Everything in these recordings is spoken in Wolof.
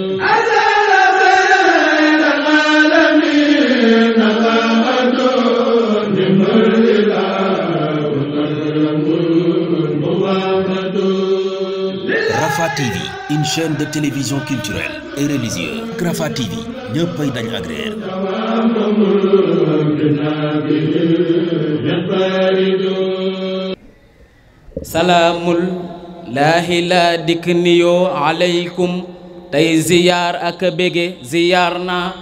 Rafah TV une chaîne de télévision culturelle et religieuse Rafah TV ñëppay dañ agréer salaamul laahi laa dikk niyoo aleykum tey ziyaar ak bége ziyaar naa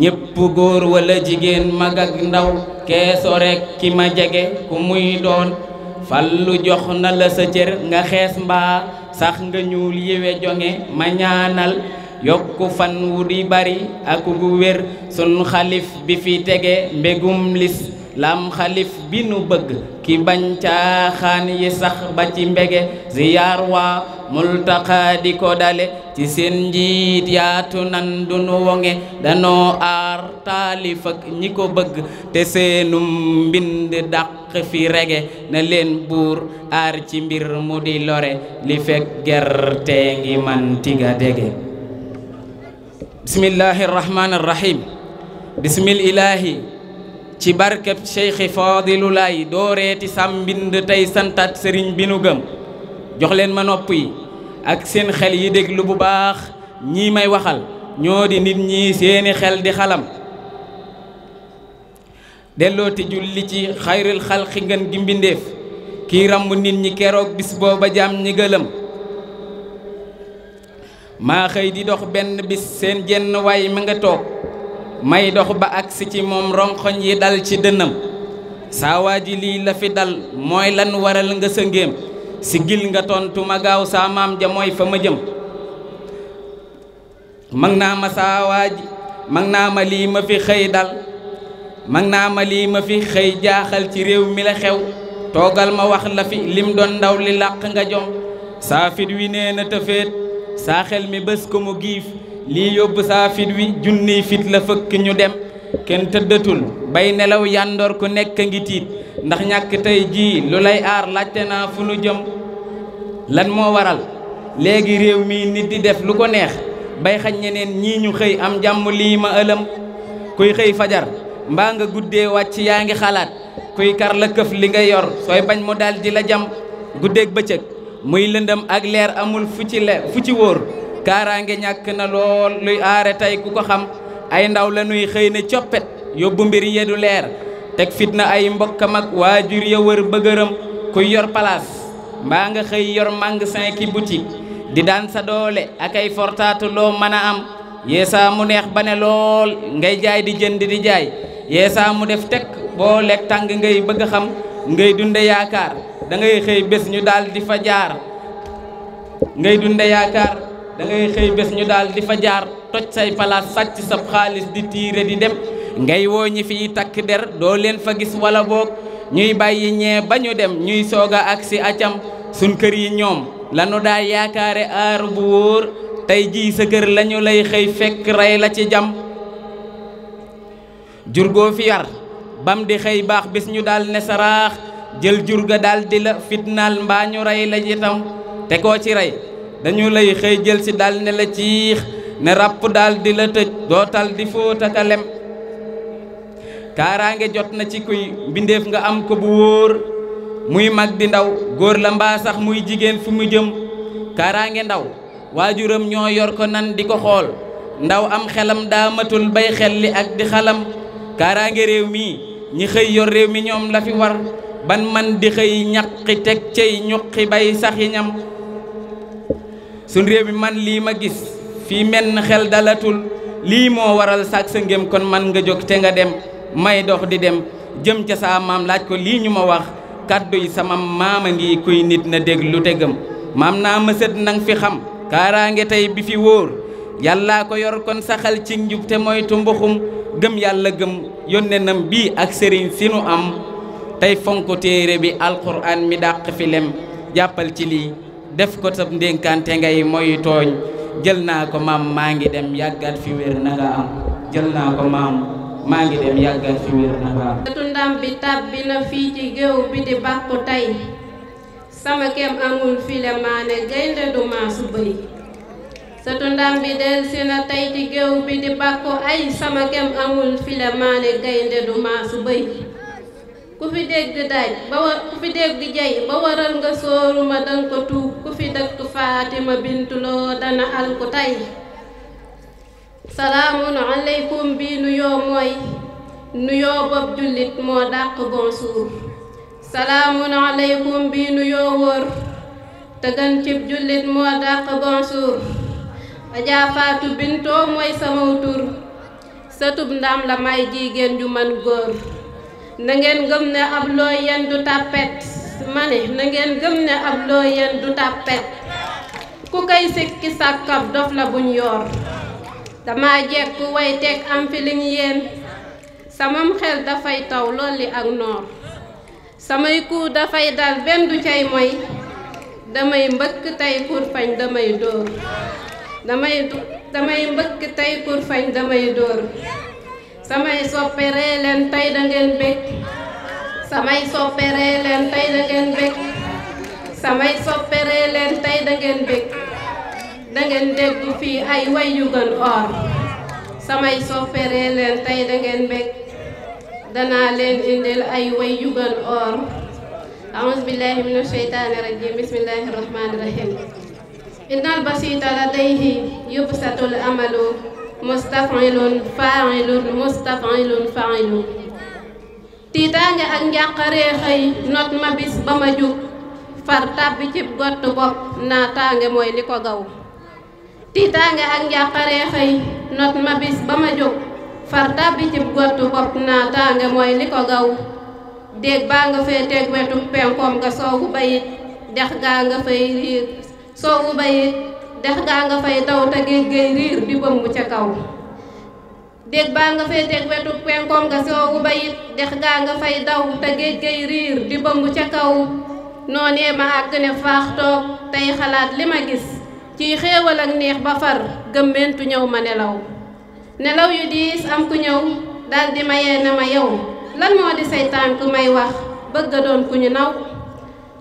ñépp góor walla jigéen mag ak ndaw keeso rekk ki ma jege ku muy doon fallu jox na la sa cër nga xees mbaa sax nga ñuul yiwe jonge ma ñaanal yokku fan wu di bari ak gu wér sun xalif bi fi tege mbégum lis lam bi nu bëgg ki bañ caaxaan yi sax ba ci mbege ziyaar waa multaqa dale ci seen njiit yaatu nan du nu wonge danoo aar taalif ñi ko bëgg te seenum mbind dàq fi rege na leen buur aar ci mbir mu di lore li fekk gerte ngi man tiga dege bismillahi rahmaani ci barkeb Cheikh Fadilou Laye dooreeti sam mbind tey santaat sëriñ bi nu gëm jox leen ma nopp yi ak seen xel yi déglu bu baax ñii may waxal ñoo di nit ñi seeni xel di xalam dellooti julli ci xayril xalqi ngën gi mbindéef kii ràmb nit ñi keroog bis booba jaam ñi gëlëm maa di dox benn bis seen jenn waay mi nga toog may dox ba agsi ci moom ronkoñ yi dal ci dënnam saa ji lii la fi dal mooy lan waral nga sa ngéem si gil nga tontu ma gaaw saa maam ja mooy fa ma jëm mag naa ma saa ji mag naa ma lii ma fi xëy dal mag naa ma lii ma fi xëy jaaxal ci réew mi la xew toogal ma wax la fi lim doon ndaw li làq nga jom saa wi nee na tëféet saa mi bés ko mu giif lii yóbbu saa wi junniy fit la fëkk ñu dem kenn tëddatul bay nelaw yàndoor ku nekk a ngi tiit ndax ñàkk tey jii lu lay aar laajte naa fu nu jëm lan moo waral léegi réew mi nit di def lu ko neex bay xañ ñeneen ñii ñu xëy am jàmm lii ma ëlëm kuy xëy fajar mbaa nga guddee wàcc yaa ngi xalaat kuy kar la këf li nga yor sooy bañ mu daal di la jam guddeeg bëccëg muy lëndëm ak leer amul fu ci le fu ci wóor kaaraange ñàkk na lool luy aare tey ku ko xam ay ndaw la nuy xëy ne coppet yóbbu mbir yi du leer teg fitna ay mbokkam ak waajur ya wër bëgërëm kuy yor palaas mbaa nga xëy yor magasin ki boutique di daan sa doole ak ay fortaatu loo mën a am yeesaa mu neex ba ne lool ngay jaay di jënd di jaay yeesa mu def tekk boo lekk tàng ngay bëgg a xam ngay dunde yaakaar da xëy bés ñu daal fa jaar ngay dunde yaakaar da xëy bés ñu daldi fa jaar toj say palaas sàcc sab xaalis di tiire di dem ngay woo ñi fiy takk der doo leen fa gis wala boog ñuy bàyyi ñee ba ñu dem ñuy soog a agsi acam suñ kër yi ñoom lanu daa yaakaare aar bu wóor tey jii sa kër lañu lay xëy fekk rey la ci jam jur fi yar bam di xëy baax bés ñu daal ne saraax jël jur daldi la fitnaal mbaa ñu rey la itam te koo ci rey dañu lay xëy jël si daal ne la ciix ne ràpp daal di la tëj dootal di fóot ak a lem kaaraange jot na ci kuy mbindeef nga am ko bu wóor muy mag di ndaw góor la mbaa sax muy jigéen fu mu jëm kaaraange ndaw waajuram ñoo yor ko nan di ko xool ndaw am xelam daa matul bay xel li ak di xalam kaaraange réew mi ñi xëy yor réew mi ñoom la fi war ban man di xëy ñaqi teg cey ñuqi bay sax yi ñam suñ réew mi man lii ma gis fii menn xel dalatul lii moo waral saak sa ngëm kon man nga jóg te nga dem may dox di dem jëm ca saa maam laaj ko lii ñu ma wax kàddu yi sama maam a ngi kuy nit na déglu te gëm maam naa mësët nang fi xam kaaraange tey bi fi wóor yàllaa ko yor kon saxal ci njub te moytu mbuxum gëm yàlla gëm yónnenam bii ak sëriñ si nu am tey fonk téere bi alxuraan mi dàq fi lem jàppal ci lii def ko sab ndénkaante ngay moy tooñ jël naa ko maam maa ngi dem yàggal fi wér na nga am jël naa ko maam maa ngi dem yàggal fi wér na am satu ndam bi tàbbi na fii ci géew bi di bàkku tey sama kem bi sama kem amul file gaynde du maasu bëy ku fi dégg daaj ba wa ku ma danga ko tuub ku fi dëkk Fatima bintuloo salaamun aleykum bi nuyoo wóor te cib jullit moo dàq bonjour Adja Fatou Binto mooy samaw tur satub ndam la may jigéen ju man góor na ngeen gëm ne ab loo yen du tàppet ma ne na ngeen gëm ne ab loo yen du tàppet ku koy sikki sàkkab dof la buñ yoor dama jekku way teg am filiñ yéen samam xel dafay taw lolli ak noor samay kuu dafay dal benn du cay moy damay mbëkk tey pour damay dóor damay mbëkk tey pour fañ damay dóor samay sopperee leen tey da ngeen samay sopperee leen tey da ngeen samay sopperee leen tey da ngeen bég da fii ay way yu gën or samay sopperee leen tey da ngeen bég danaa leen indil ay way yu gën or أعوذ بالله من الشيطان الرجيم بسم الله الرحمن الرحيم إن البسيط لديه يبسط mustafilun failun mustafilun failun tiitaange ak njàqaree xëy not ma bis ba ma jug far tàbbi cib gott bopp naataange mooy li ko gaw tiitaange ak njàqaree xëy not ma bis ba ma jug far tàbbi cib gott bopp naataange mooy li ko gaw déeg baa nga fee teg wetu penkoom nga soowu bayit dex gaa nga fay riir soowu bayit dex gaa nga fay daw te géej géej riir di bëmb ca kaw déeg baa nga fay teg wetu penkoom nga soowu ba it dex gaa nga fay daw te géej géej riir di bëmb ca kaw noonee ma àgg ne faax toog tey xalaat li ma gis ciy xéewal ak neex ba far gëmmentu ñëw ma nelaw nelaw yu diis am ku ñëw daldi mayee na ma yow lan moo di say tànk may wax bëgg a doon ku ñu naw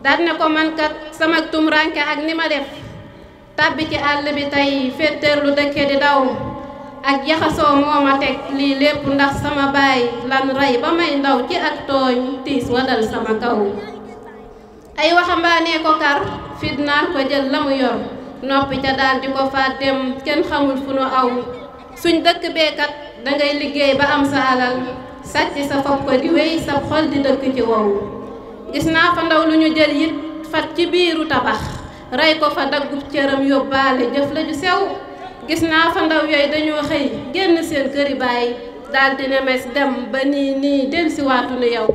dal ne ko man kat sama tumuraanke ak ni ma def tàbbi ci àll bi tey féeteer lu dëkke di daw ak jaxasoo moo ma teg lii lépp ndax sama baay lan rey ba may ndaw ci ak tooñ tiis wadal sama kaw ay waxambaane ko kar fitnaal ko jël la mu yor noppi ca daal di ko faat dem kenn xamul fu nu aw suñ dëkk beekat dangay liggéey ba am sa alal sàcc sa fopp ko di wéy sa xol di dëkk ci wow gis naa fa ndaw lu ñu jël it fat ci biiru tabax rey ko fa daggub cëram yóbbaale jëf la ju sew gis naa fa ndaw yooyu dañoo xëy génn seen këri bàyyi daldi ne dem ba nii nii dellusiwaatu nu yow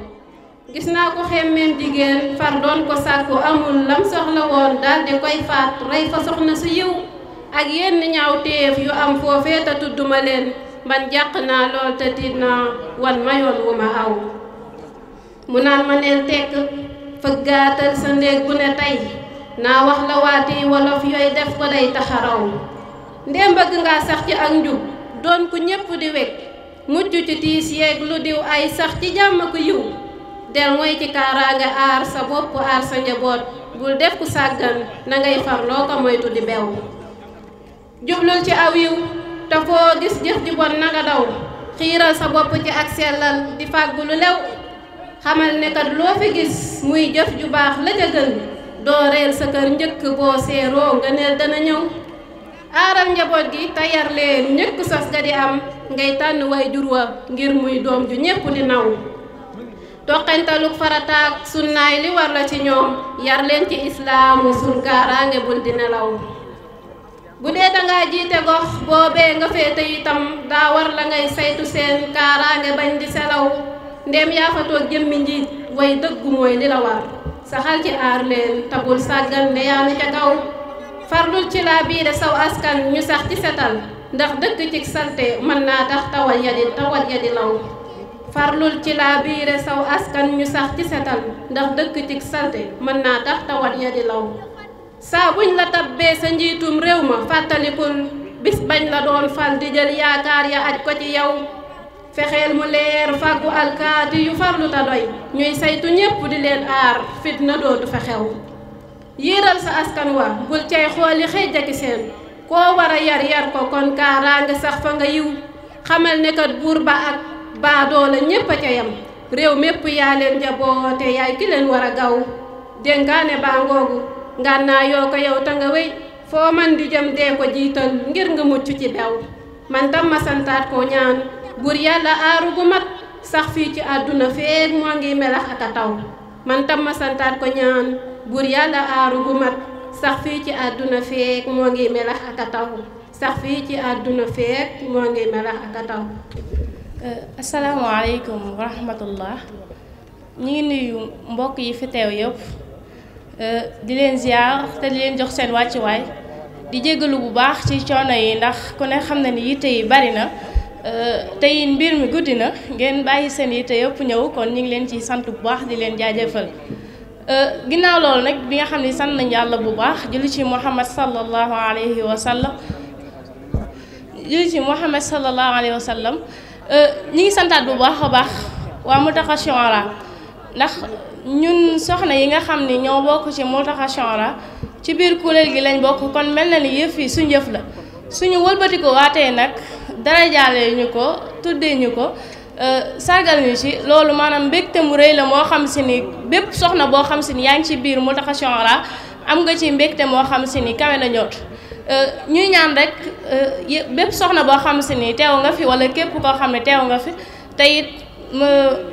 gis naa ko xemmeen jigéen far doon ko sàkku amul lam soxla woon daldi koy faat rey fa soxna su yiw ak yenn ñaawteef yu am foofee te tudduma leen man jàq naa lool te tiit naa wan mayoon wu ma aw mu naan ma neel tekk fëggaatal sa ndéeg bu ne tey naa wax la waati wolof yooy def ko day taxaraw ndéem bëgg ngaa sax ci ak njub doon ku ñépp di weg mucc ci tiis yeeg lu diw ay sax ci jàmm ku yiw del mooy ci kaaraange aar sa bopp aar sa njaboot bul def ku sàggan na ngay ko moytu di bew jublul ci aw yiw te foo gis jëf ji bon na daw xiiral sa bopp ci ak sellal di fàggu lu lew xamal ne loo fi gis muy jëf ju baax la ca gën dooreel sa kër njëkk boo seeroo ngëneel dana ñëw aaral njaboot gi te yar leen njëkk sas ga di am ngay tànn way jur wa ngir muy doom ju ñépp di naw toqantaluk farataak sunnaay li war la ci ñoom yar leen ci islaamu sun kaaraange bul di nelaw bu dee dangaa jiite gox boobee nga féete itam daa war la ngay saytu seen kaaraange bañ di selaw ndéem yaa fa jëmmi njiit way dëggu mooy li la war saxal ci aar leen tabul sàggan ne yaa ne ca kaw farlul ci laa biire saw askan ñu sax ci setal ndax dëkk ci salte mën naa tax tawal ya di tawal law farlul ci laa biire saw askan ñu sax ci setal ndax dëkk ci salte mën naa tax tawal ya di law saa buñ la tabbee sa njiitum réew ma fàttalikul bis bañ la doon fal di jël yaakaar ya aj ko ci yow fexeel mu leer fàggu alkaati yu farlu ta ñuy saytu ñépp di leen aar fitna dootu fa xew yiiral sa askan wa bul cay xooli xëy jaki seen koo war a yar yar ko kon kaaraange sax fa nga yiw xamal ne buur ba ak baadoola ñépp a ca réew mépp yaa leen jaboote yaay ki leen war a gaw dénkaane baa ngoogu ngànnaa yoo ko yow ta nga wéy foo man di jëm dee ko jiital ngir nga mucc ci bew man tam ma ñaan buur yàlla aaru bu mag sax fii ci àdduna feek moo ngi melax ak taw man tam ma ko ñaan buur yàlla aaru bu mag sax fii ci àdduna feek moo ngi melax ak taw sax fii ci àdduna feek moo ngi melax euh, ngi nuyu mbokk yi fi teew yëpp euh, di leen ziar te di leen jox seen wàccuwaay di jégalu bu baax ci coono yi ndax ku ne xam na ni yitte yi bari Euh, tey mbir mi guddi na ngeen bàyyi seen yi te yëpp ñëw kon ñu ngi leen ci sant bu baax di leen jaajëfal euh, ginnaaw loolu nag bi nga xam ne sant nañ bu baax julli ci Muhammad sallallahu alayhi wa julli ci Muhammad sallallahu alayhi wa sallam euh, ngi santaat bu baax a baax waa Mountakha Shora ndax ñun soxna yi nga xam ni ñoo bokk ci Mountakha Shora ci biir kuréel gi lañ bokk kon mel na ni yëf yi suñ yëf la suñu wëlbati ko waatee nag dara jàllee ñu ko tuddee ñu ko euh, sargal ñu ci loolu maanaam mbégte mu rëy la moo xam si ni bépp soxna boo xam si ni yaa ngi ci biir Moultakhas Shuara am nga ci mbégte moo xam si ni kawe na ñoot euh, ñuy ñaan rek euh, bépp soxna boo xam si ni teew nga fi wala képp koo xam ne teew nga fi te it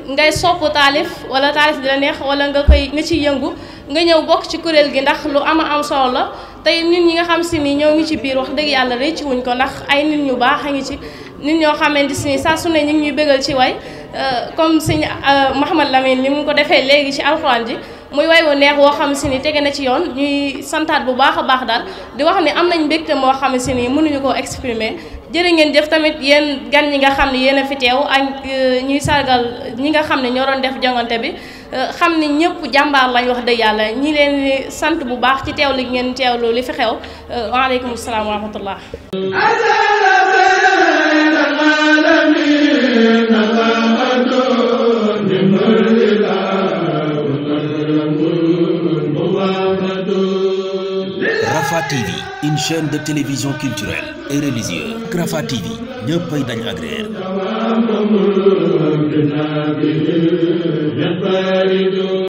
ngay sopp taalif wala taalif di la neex wala nga koy nga ciy yëngu nga ñëw bokk ci kuréel gi ndax lu ama am solo la tey nit ñi nga xam si nii ñoo ngi ci biir wax dëgg yàlla rëcc wuñ ko ndax ay nit ñu baax a ngi ci nit ñoo xamante si ni saa su ne ñu ngi ñuy bégal ci way euh, comme sëñ euh, Mouhamad Lamine li mu ko defee léegi ci alxuraan ji muy way wu neex woo xam si ni tege na ci yoon ñuy santaat bu baax a baax daal di wax ni am nañ mbégte moo xam si ni mënuñu koo exprimer jërë ngeen jëf tamit yéen gan ñi nga xam ne yéen a fi teew ak euh, ñuy sargal ñi nga xam ne ñoo doon def jongante bi Euh, xam ne ñëpp jàmbaar lañ wax dëgg yàlla ñi leen sant bu baax ci teewlu ngeen teewlu li fi xew euh, waaleykum salaam wa rahmatullah Rafah بنا به ينفرد